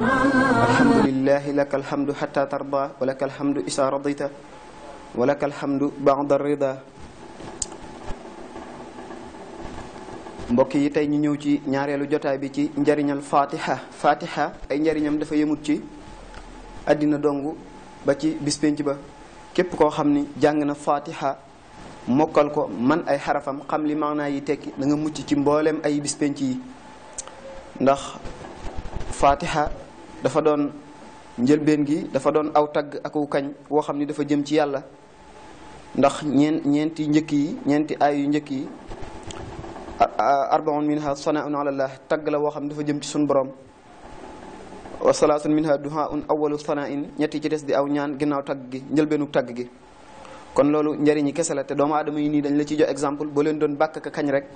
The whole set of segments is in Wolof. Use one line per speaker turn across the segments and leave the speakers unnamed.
alhamdulillahi laka alhamdu xata tarda wa laka alhamdu isa radita wa laka alhamdu bada rida yi tey ñu ñëw ci ñaareelu jotaay bi ci njariñal fatiha fatiha ay njariñam dafa yemut ci àddina dong ba ci bis pénc ba képp koo xam ni jàng na fatiha mokkal ko man ay xarafam xam li yi tekki da mucc ci mboolem ay bis pénc yi ndax fatiha dafa doon njëlbeen gi dafa doon aw tagg ak kañ woo xam ni dafa jëm ci yàlla ndax ñeen ñeenti njëkk yi ñeenti aay njëkk yi arbaun minha sanaun alallah tagg la woo xam ne dafa jëm ci suñu borom wa salaatun minha duhaun awalu sanain ñetti ci des di aw ñaan ginnaaw tagg gi njëlbeenu tagg gi kon loolu njëriñi kese la te doomu aadama yi nii dañ la ci jox exemple boo leen doon bàkk ka kañ rek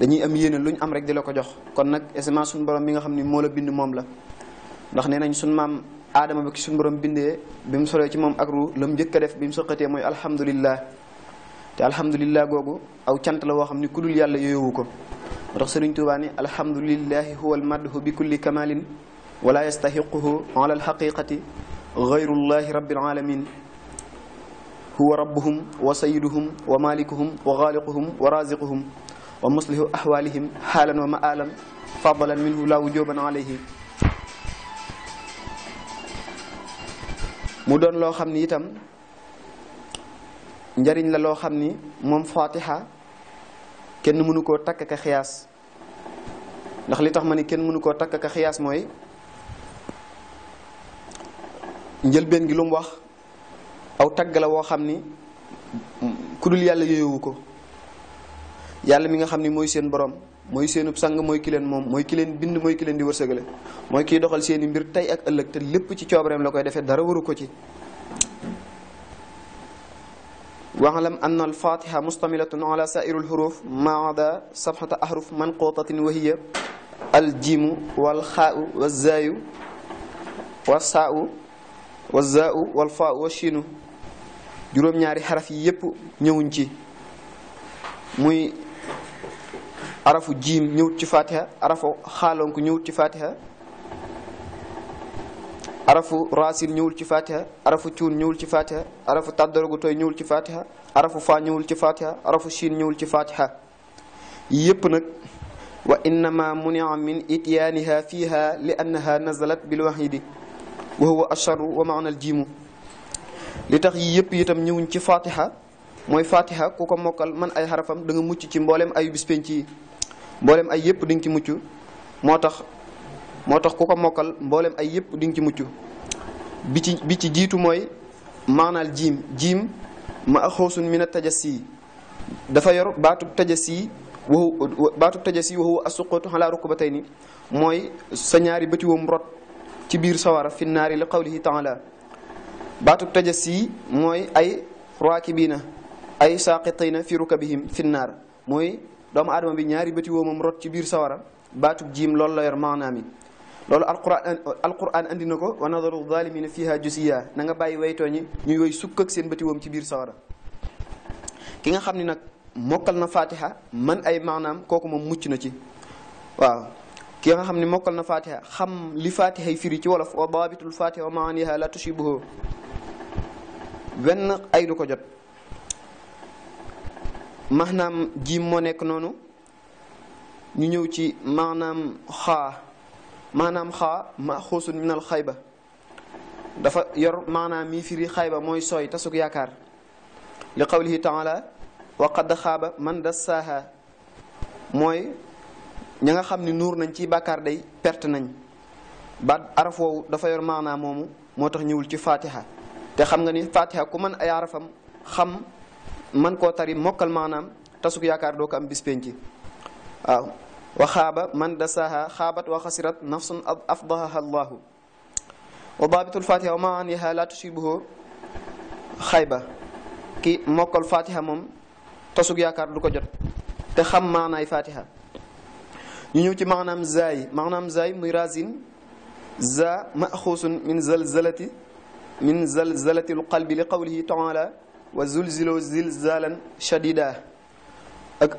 dañuy am yéene lu ñu am rek di la ko jox kon nag esemen suñu borom mi nga xam ni moo la bind moom la ndax nee nañ suñ maam aadama ba ki suñ bindee bi mu ci moom ak la mu njëkk def bi mu sëqatee mooy alhamdulillah te alhamdulillah googu aw cant la woo xam ni ku yàlla yooyowu ko moo tax sëriñ Tuubaa ni alhamdulillahi huwa almadhu bi kulli kamalin wala yastahiquhu ala alhaqiqati gayrullahi rabbil alamin huwa rabbuhum wa wa malikuhum wa xaaliquhum wa raziquhum wa muslihu ahwalihim xaalan wa maalan fadalan minhu laa wujuban alayhi mu doon loo xam ni itam njariñ la loo xam ni moom fatiha kenn mënu koo takk ka xiyaas ndax li tax ma ni kenn mënu koo takk ka xiyaas mooy njëlbeen gi lu mu wax aw tagg la woo xam ni ku yàlla yooyowu ko yàlla mi nga xam ni mooy seen borom mooy seenub sang mooy ki leen moom mooy ki leen bind mooy ki leen di wërsëgale mooy kiy doxal seeni mbir tey ak ëllëg te lépp ci coobareem la koy defee dara waru ko ci waxlam anna alfatiha mustamilatun ala sairu lxuruf maada sabxata ahruf manqutatin wa hiya aljimu walxaau wazaayu wasaau wazaau walfaau washinu juróom-ñaari xaraf yi yépp ñëwuñ ci muy arafu jiim ñëwut ci fatiha arafu xaalonk ñëwut ci fatiha arafu raasin ñëwul ci fatiha arafu cuun ñëwul ci fatiha arafu ci fatiha ci fatiha arafu shiin ñëwul ci fatiha yépp nag wa innama munia min ityaaniha fiha li annaha nazalat bil wahidi wa huwa asharu wa maana al jiimu li tax yi yépp itam ñëwuñ ci fatiha mooy fatiha ku ko mokkal man ay xarafam da mucc ci mboolem ayu bis penc yi mboolem ay yëpp di nga ci mucc moo tax moo tax ku ko mokkal mboolem ay yëpp di nga ci mucc bi ci bi ci jiitu mooy maanaal jiim jiim ma axoosun min a tajasi dafa yor baatub tajasi waxu baatub tajasi waxu asuqatu xalaa ni mooy sa ñaari bëti woom rot ci biir sawara la naari li qawlihi taala baatub tajasi mooy ay raakibiina ay saaqitiina fi rukabihim fi naar mooy doomu aadama bi ñaari bëti woo moom rot ci biir sawara baatub jiim loolu la yor maanaam yi loolu alquran alquran na ko wa nadaru zalimina fiha jusiya na nga bàyyi waytoo ñi ñuy woy sukk ak seen bëti woom ci biir sawara ki nga xam ni nag mokkal na fatiha man ay maanaam kooku moom mucc na ci waaw ki nga xam ni mokkal na fatiha xam li fatiha yi firi ci wolof wa baabitul fatiha wa maaniha la tusibuhu benn ay du ko jot max maanaam ji moo nekk noonu ñu ñëw ci maanaam xaa maanaam xaa ma xuusun minal xayba dafa yor maanaam mii firi xayba mooy sooy tasuk yaakaar li qawlihi taala wa qad xaaba man dassaaha mooy ña nga xam ni nuur nañ ci bàkkaar day perte nañ ba araf woowu dafa yor maanaam moomu moo tax ñëwul ci fatiha te xam nga ni fatiha ku mën ay arafam xam man koo tari mokkal maanaam tasuk yaakaar doo ko am bis penc waaw wa xaaba man dasaha xaabat wa xasirat nafsun afdahaha allahu wa baabitul fatiha wa ma aniha la tusibuhu xayba ki mokkal fatiha moom tasuk yaakaar du ko jot te xam maanaay fatiha ñu ñëw ci maanaam zaay maanaam zaay muy razin za maxuusun min zalzalati min zalzalati alqalbi li qawlihi taala wa zulzilo zilzalan shadida ak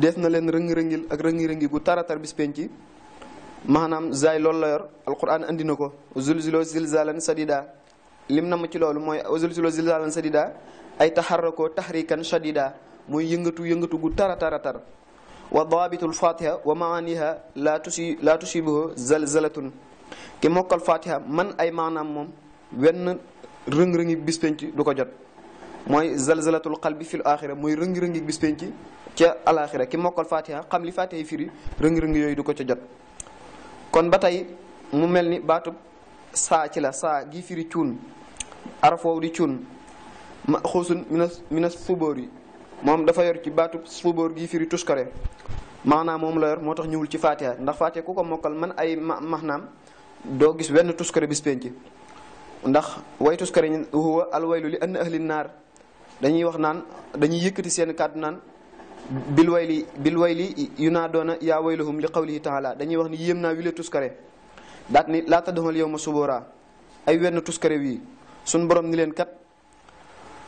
def na leen rëngi-rëngil ak rëngi-rëngi gu tara bis penci maanaam zaay loolu la yor alquran ko na ko zulzilo zilzalan shadida lim na ma ci loolu mooy zulzilo zilzalan shadida ay taxarrakoo taxrikan shadida mooy yëngatu yëngatu gu tara tara tar wa daabitul fatiha wa maaniha laa tusi laa tusibuhu zalzalatun ki mokkal fatiha man ay maanaam moom wenn rëng-rëngi bis penc du ko jot mooy zalzalatul qalbi fil axira mooy rëngi-rëngi bis penc ca alaxira ki mokkal fatiha xam li fatiha yi firi rëngi-rëngi yooyu du ko ca jot kon ba tey mu mel ni baatub saa ci la saa gi firi cuun arafoow di cuun ma xuusun minas minas fubóor yi moom dafa yor ci baatub fubóor gi firi tuskare maanaam moom la moo tax ñëwul ci fatiha ndax fatiha ku ko mokkal man ay maanaam doo gis wenn tuskare bis penc ndax way tuskare huwa alwaylu li ann ahli naar dañuy wax naan dañuy yëkkati seen kàddu naan bil wayli bil wayli yu naa doona yaa waylahum li qawlihi taala dañuy wax ni yéem naa wile tuskare daat ni laa taddoxal yow ma subora ay wenn tuskare wii suñ borom ni leen kat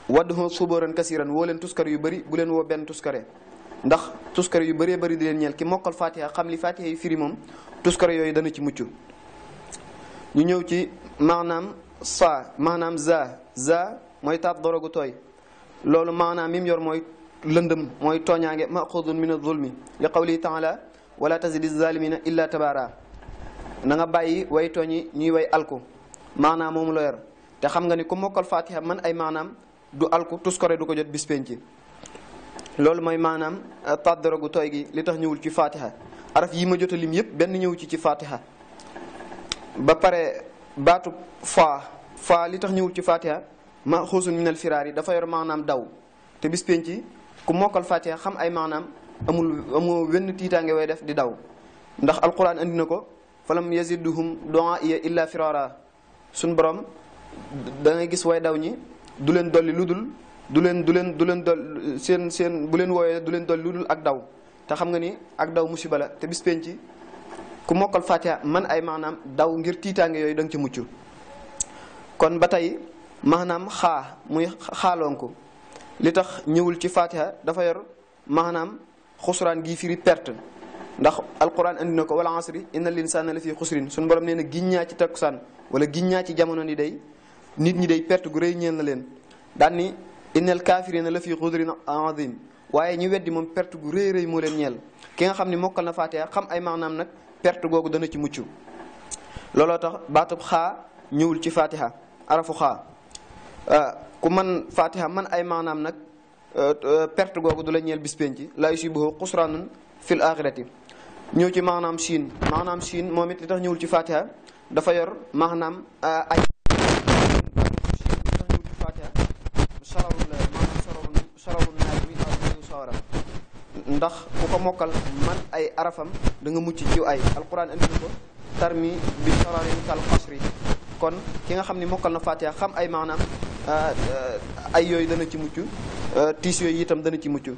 waddoxo suboran kasiran woo leen tuskare yu bëri bu leen woo benn tuskare ndax tuskare yu bëree bëri di leen ñeel ki mokkal fatiha xam li fatiha yi firi moom tuskare yooyu dana ci mucc ñu ñëw ci maanaam sa maanaam za za mooy taat gu tooy loolu maanaam mi mu yor mooy lëndëm mooy tooñaange maxudun min az-zulmi li qawlihi taala wala tazidi zalimina illa tabara na nga bàyyi way tooñi ñuy way alku maanaam moomu la te xam nga ni ku mokkal fatiha man ay maanaam du alku tuskore du ko jot bis penc loolu mooy maanaam euh, tàddara gu tooy gi li tax ñëwul ci fatiha araf yi ma jot a lim yëpp benn ñëw ci ci fatiha ba pare baatu fa fa li tax ñëwul ci fatiha ma xuusun minal firaar yi dafa yor maanaam daw te bis penc ku mokkal fàtte xam ay maanaam amul amoo wenn tiitaange way def di daw ndax alquran andi na ko falam yaziduhum doa iya illa firara suñ borom da gis way daw ñi du leen dolli lu dul du leen du leen du leen dol seen seen bu leen wooyee du leen dolli lu ak daw te xam nga ni ak daw musiba la te bis penc ku mokkal fatiha man ay maanaam daw ngir tiitaange yooyu danga ci mucc kon ba tey maanaam xaa muy xaalonku li tax ñëwul ci fatiha dafa yor maanaam xusraan gi firi perte ndax alquran andi na ko wala asri inna linsaana la fii xusrin su borom nee na giññaa ci takkusaan wala giññaa ci jamono ni day nit ñi day perte gu rëy ñeel na leen daan ni innal kaafirina la fii xudrin azim waaye ñu weddi moom perte gu rëy rëy moo leen ñeel ki nga xam ne mokkal na fatiha xam ay maanaam nag perte googu dana ci mucc looloo tax baatu xaa ñëwul ci fatiha arafu Euh, ku man fatiha man ay maanaam nag euh, euh, perte googu du la ñeel bis penc la yusibuhu xusraanun fil axirati ñëw ci maanaam siin maanaam siin moom it li tax ñëwul ci fatiha dafa yor maanaam ay ndax ku ko mokkal man ay arafam da mucc ci ay alquran andi ko tarmi bi sararin kal kon ki nga xam ni mokkal na fatiha xam ay maanaam Ah, ah, ay yooyu dana ci mucc ah, tiis yooyu itam dana ci mucc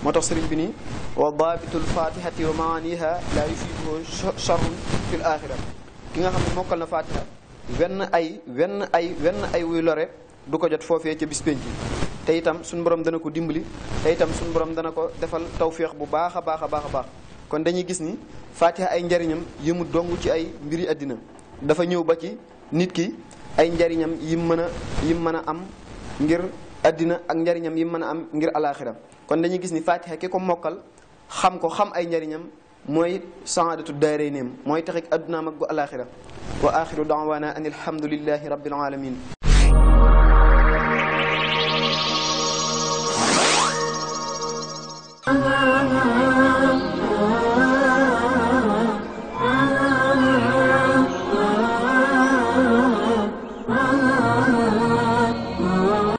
moo tax sëriñ bi ni wa daabitul fatihati wa maaniha la yusibuhu charrun fil axira ki nga xam ne mokkal na fatiha wenn ay wenn ay wenn ay wuy lore du ko jot foofee ca bis penc te itam suñu borom dana ko dimbali te itam borom dana ko defal tawféex bu baax a baax a baax a baax kon dañuy gis ni fatiha ay njariñam yëmu dong ci ay mbiri àddina dafa ñëw ba ci nit ki ay njariñam yim mën a yim mën a am ngir àddina ak njariñam yim mën a am ngir alaxira kon dañuy gis ni fatiha ki ko mokkal xam ko xam ay njariñam mooy saadatu daaray neem mooy taxik addunaam ak gu alaxira wa axiru daawana an alhamdulilahi rabbil alamin